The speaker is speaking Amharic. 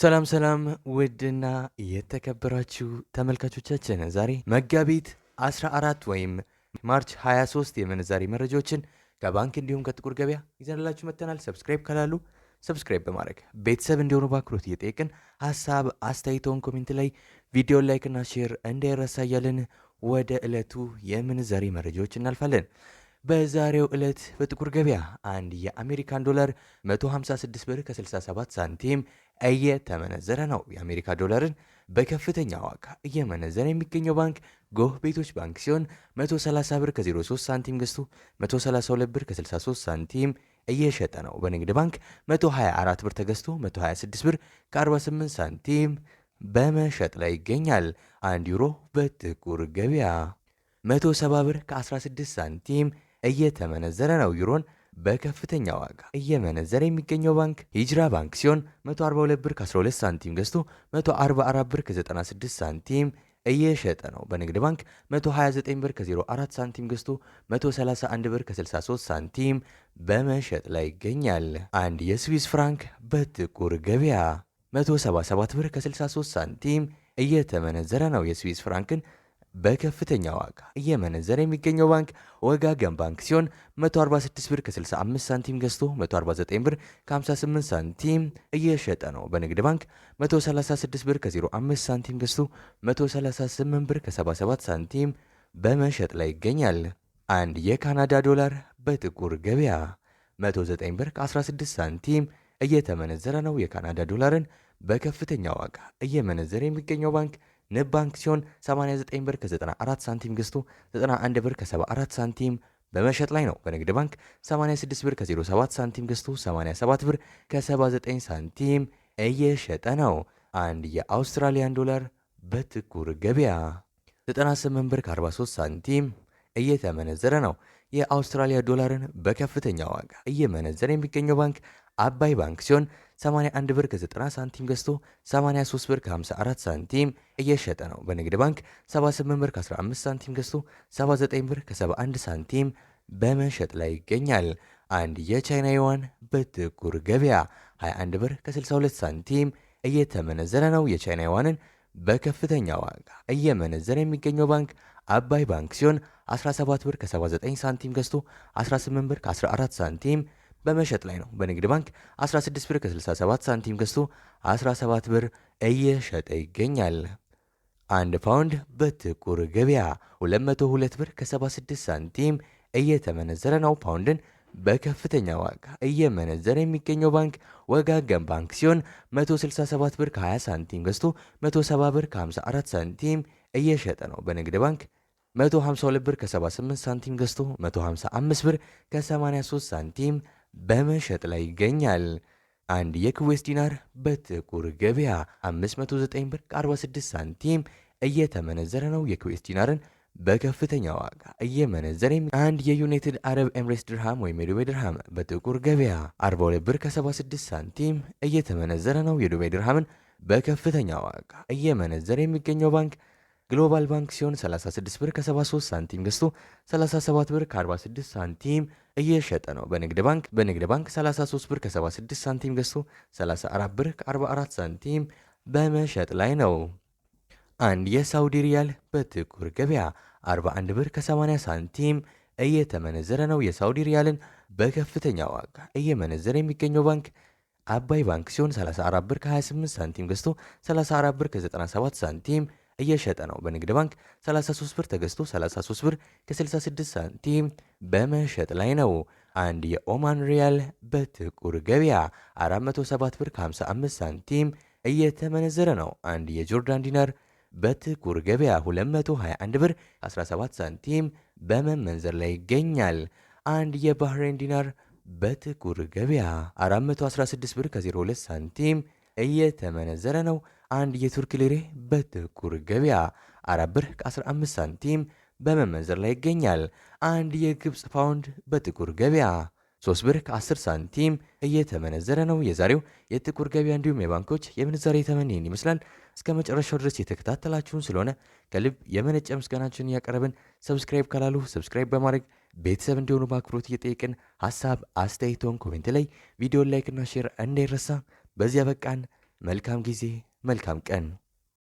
ሰላም ሰላም ውድና የተከበራችሁ ተመልካቾቻችን ዛሬ መጋቢት 14 ወይም ማርች 23 የምንዛሬ መረጃዎችን ከባንክ እንዲሁም ከጥቁር ገበያ ይዘንላችሁ መጥተናል። ሰብስክራይብ ካላሉ ሰብስክራይብ በማድረግ ቤተሰብ እንዲሆኑ በአክብሮት እየጠየቅን ሀሳብ አስተያየቶን ኮሜንት ላይ ቪዲዮ ላይክና ሼር እንዳይረሳ እያልን ወደ ዕለቱ የምንዛሬ መረጃዎች እናልፋለን። በዛሬው ዕለት በጥቁር ገበያ አንድ የአሜሪካን ዶላር 156 ብር ከ67 ሳንቲም እየተመነዘረ ነው። የአሜሪካ ዶላርን በከፍተኛ ዋጋ እየመነዘረ የሚገኘው ባንክ ጎህ ቤቶች ባንክ ሲሆን 130 ብር ከ03 ሳንቲም ገዝቶ 132 ብር ከ63 ሳንቲም እየሸጠ ነው። በንግድ ባንክ 124 ብር ተገዝቶ 126 ብር ከ48 ሳንቲም በመሸጥ ላይ ይገኛል። አንድ ዩሮ በጥቁር ገበያ 170 ብር ከ16 ሳንቲም እየተመነዘረ ነው። ዩሮን በከፍተኛ ዋጋ እየመነዘረ የሚገኘው ባንክ ሂጅራ ባንክ ሲሆን 142 ብር ከ12 ሳንቲም ገዝቶ 144 ብር ከ96 ሳንቲም እየሸጠ ነው። በንግድ ባንክ 129 ብር ከ04 ሳንቲም ገዝቶ 131 ብር ከ63 ሳንቲም በመሸጥ ላይ ይገኛል። አንድ የስዊስ ፍራንክ በጥቁር ገበያ 177 ብር ከ63 ሳንቲም እየተመነዘረ ነው። የስዊስ ፍራንክን በከፍተኛ ዋጋ እየመነዘረ የሚገኘው ባንክ ወጋገን ባንክ ሲሆን 146 ብር ከ65 ሳንቲም ገዝቶ 149 ብር ከ58 ሳንቲም እየሸጠ ነው። በንግድ ባንክ 136 ብር ከ05 ሳንቲም ገዝቶ 138 ብር ከ77 ሳንቲም በመሸጥ ላይ ይገኛል። አንድ የካናዳ ዶላር በጥቁር ገበያ 109 ብር ከ16 ሳንቲም እየተመነዘረ ነው። የካናዳ ዶላርን በከፍተኛ ዋጋ እየመነዘረ የሚገኘው ባንክ ንብ ባንክ ሲሆን 89 ብር ከ94 ሳንቲም ገዝቶ 91 ብር ከ74 ሳንቲም በመሸጥ ላይ ነው። በንግድ ባንክ 86 ብር ከ07 ሳንቲም ገዝቶ 87 ብር ከ79 ሳንቲም እየሸጠ ነው። አንድ የአውስትራሊያን ዶላር በጥቁር ገበያ 98 ብር ከ43 ሳንቲም እየተመነዘረ ነው። የአውስትራሊያ ዶላርን በከፍተኛ ዋጋ እየመነዘረ የሚገኘው ባንክ አባይ ባንክ ሲሆን 81 ብር ከ90 ሳንቲም ገዝቶ 83 ብር ከ54 ሳንቲም እየሸጠ ነው። በንግድ ባንክ 78 ብር ከ15 ሳንቲም ገዝቶ 79 ብር ከ71 ሳንቲም በመሸጥ ላይ ይገኛል። አንድ የቻይና ዩዋን በጥቁር ገበያ 21 ብር ከ62 ሳንቲም እየተመነዘረ ነው። የቻይና ዩዋንን በከፍተኛ ዋጋ እየመነዘረ የሚገኘው ባንክ አባይ ባንክ ሲሆን 17 ብር ከ79 ሳንቲም ገዝቶ 18 ብር ከ14 ሳንቲም በመሸጥ ላይ ነው። በንግድ ባንክ 16 ብር ከ67 ሳንቲም ገዝቶ 17 ብር እየሸጠ ይገኛል። አንድ ፓውንድ በጥቁር ገበያ 202 ብር ከ76 ሳንቲም እየተመነዘረ ነው። ፓውንድን በከፍተኛ ዋጋ እየመነዘረ የሚገኘው ባንክ ወጋገን ባንክ ሲሆን 167 ብር ከ20 ሳንቲም ገዝቶ 170 ብር ከ54 ሳንቲም እየሸጠ ነው። በንግድ ባንክ 152 ብር ከ78 ሳንቲም ገዝቶ 155 ብር ከ83 ሳንቲም በመሸጥ ላይ ይገኛል። አንድ የኩዌስ ዲናር በጥቁር ገበያ 509 ብር ከ46 ሳንቲም እየተመነዘረ ነው። የኩዌስ ዲናርን በከፍተኛ ዋጋ እየመነዘረ አንድ የዩናይትድ አረብ ኤምሬስ ድርሃም ወይም የዱባይ ድርሃም በጥቁር ገበያ 42 ብር ከ76 ሳንቲም እየተመነዘረ ነው። የዱባይ ድርሃምን በከፍተኛ ዋጋ እየመነዘረ የሚገኘው ባንክ ግሎባል ባንክ ሲሆን 36 ብር ከ73 ሳንቲም ገዝቶ 37 ብር ከ46 ሳንቲም እየሸጠ ነው። በንግድ ባንክ በንግድ ባንክ 33 ብር ከ76 ሳንቲም ገዝቶ 34 ብር ከ44 ሳንቲም በመሸጥ ላይ ነው። አንድ የሳውዲ ሪያል በጥቁር ገበያ 41 ብር ከ80 ሳንቲም እየተመነዘረ ነው። የሳውዲ ሪያልን በከፍተኛ ዋጋ እየመነዘረ የሚገኘው ባንክ አባይ ባንክ ሲሆን 34 ብር ከ28 ሳንቲም ገዝቶ 34 ብር ከ97 ሳንቲም እየሸጠ ነው። በንግድ ባንክ 33 ብር ተገዝቶ 33 ብር ከ66 ሳንቲም በመሸጥ ላይ ነው። አንድ የኦማን ሪያል በጥቁር ገበያ 407 ብር ከ55 ሳንቲም እየተመነዘረ ነው። አንድ የጆርዳን ዲናር በጥቁር ገበያ 221 ብር 17 ሳንቲም በመመንዘር ላይ ይገኛል። አንድ የባህሬን ዲናር በጥቁር ገበያ 416 ብር ከ02 ሳንቲም እየተመነዘረ ነው። አንድ የቱርክ ሊሬ በጥቁር ገበያ 4 ብር ከ15 ሳንቲም በመመንዘር ላይ ይገኛል። አንድ የግብፅ ፓውንድ በጥቁር ገበያ 3 ብር ከ10 ሳንቲም እየተመነዘረ ነው። የዛሬው የጥቁር ገበያ እንዲሁም የባንኮች የምንዛሬ ተመን ይህን ይመስላል። እስከ መጨረሻው ድረስ የተከታተላችሁን ስለሆነ ከልብ የመነጨ ምስጋናችን እያቀረብን ሰብስክራይብ ካላሉ ሰብስክራይብ በማድረግ ቤተሰብ እንዲሆኑ በአክብሮት እየጠየቅን ሀሳብ አስተያየቶን ኮሜንት ላይ ቪዲዮን ላይክና ሼር እንዳይረሳ። በዚያ በቃን። መልካም ጊዜ፣ መልካም ቀን